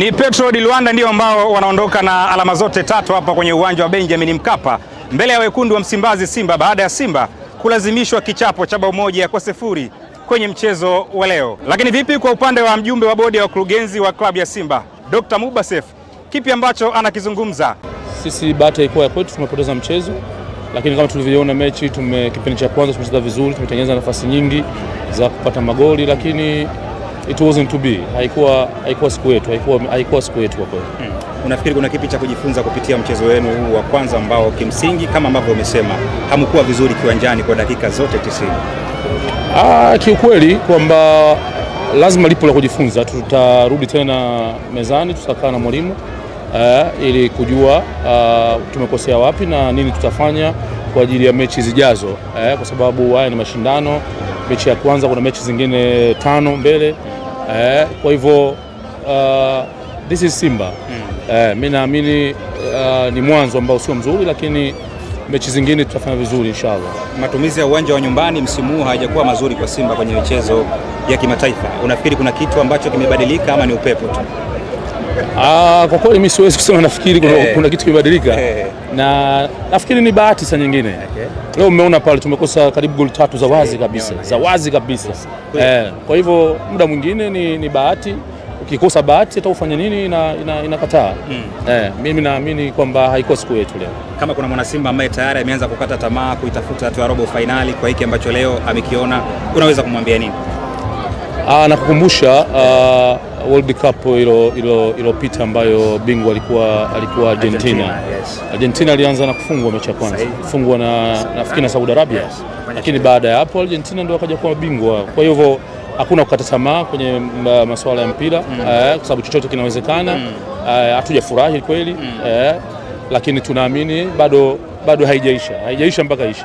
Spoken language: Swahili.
Ni Petro di Luanda ndio ambao wanaondoka na alama zote tatu hapa kwenye uwanja wa Benjamin Mkapa mbele ya wekundu wa Msimbazi Simba baada ya Simba kulazimishwa kichapo cha bao moja kwa sifuri kwenye mchezo wa leo. Lakini vipi kwa upande wa mjumbe wa bodi ya wakurugenzi wa klabu ya Simba Dr. Mubasef, kipi ambacho anakizungumza? Sisi bata ilikuwa ya kwetu, tumepoteza mchezo, lakini kama tulivyoona mechi tume, kipindi cha kwanza tumecheza vizuri, tumetengeneza nafasi nyingi za kupata magoli, lakini it wasn't to be, haikuwa haikuwa siku yetu, haikuwa haikuwa siku yetu kwa kweli. Hmm. Unafikiri kuna kipi cha kujifunza kupitia mchezo wenu huu wa kwanza ambao kimsingi kama ambavyo umesema hamkuwa vizuri kiwanjani kwa dakika zote 90? Ah, kiukweli kwamba lazima lipo la kujifunza. Tutarudi tena mezani, tutakaa na mwalimu Uh, ili kujua uh, tumekosea wapi na nini tutafanya kwa ajili ya mechi zijazo, uh, kwa sababu haya ni mashindano mechi ya kwanza, kuna mechi zingine tano mbele eh, kwa hivyo uh, this is Simba mm. eh, mi naamini uh, ni mwanzo ambao sio mzuri, lakini mechi zingine tutafanya vizuri inshallah. Matumizi ya uwanja wa nyumbani msimu huu hayajakuwa mazuri kwa Simba kwenye michezo ya kimataifa. Unafikiri kuna kitu ambacho kimebadilika ama ni upepo tu? Ah, kwa kweli mimi siwezi kusema, nafikiri kuna, hey. Eh. kuna kitu kimebadilika hey. Eh. na nafikiri ni bahati sa nyingine okay. Leo mmeona pale tumekosa karibu goli tatu za wazi eh, kabisa hey, za wazi kabisa Hey. kwa hivyo muda mwingine ni, ni bahati ukikosa bahati hata ufanye nini inakataa. ina, ina mm. Eh, mimi naamini kwamba haikuwa siku yetu leo. Kama kuna mwana Simba ambaye tayari ameanza kukata tamaa kuitafuta hatua ya robo fainali kwa hiki ambacho leo amekiona, unaweza kumwambia nini? Ah, nakukumbusha uh, World Cup iliyopita ambayo bingwa alikuwa, alikuwa Argentina. Argentina, yes. Argentina alianza na kufungwa mechi ya kwanza kufungwa na nafikiri na Saudi Arabia, lakini baada ya hapo Argentina ndio akaja kuwa bingwa. Kwa hivyo hakuna kukata tamaa kwenye mm, ah, masuala ya mpira mm. Eh, kwa sababu chochote kinawezekana mm. Eh, hatujafurahi kweli mm. Eh, lakini tunaamini bado, bado haijaisha haijaisha mpaka ishe.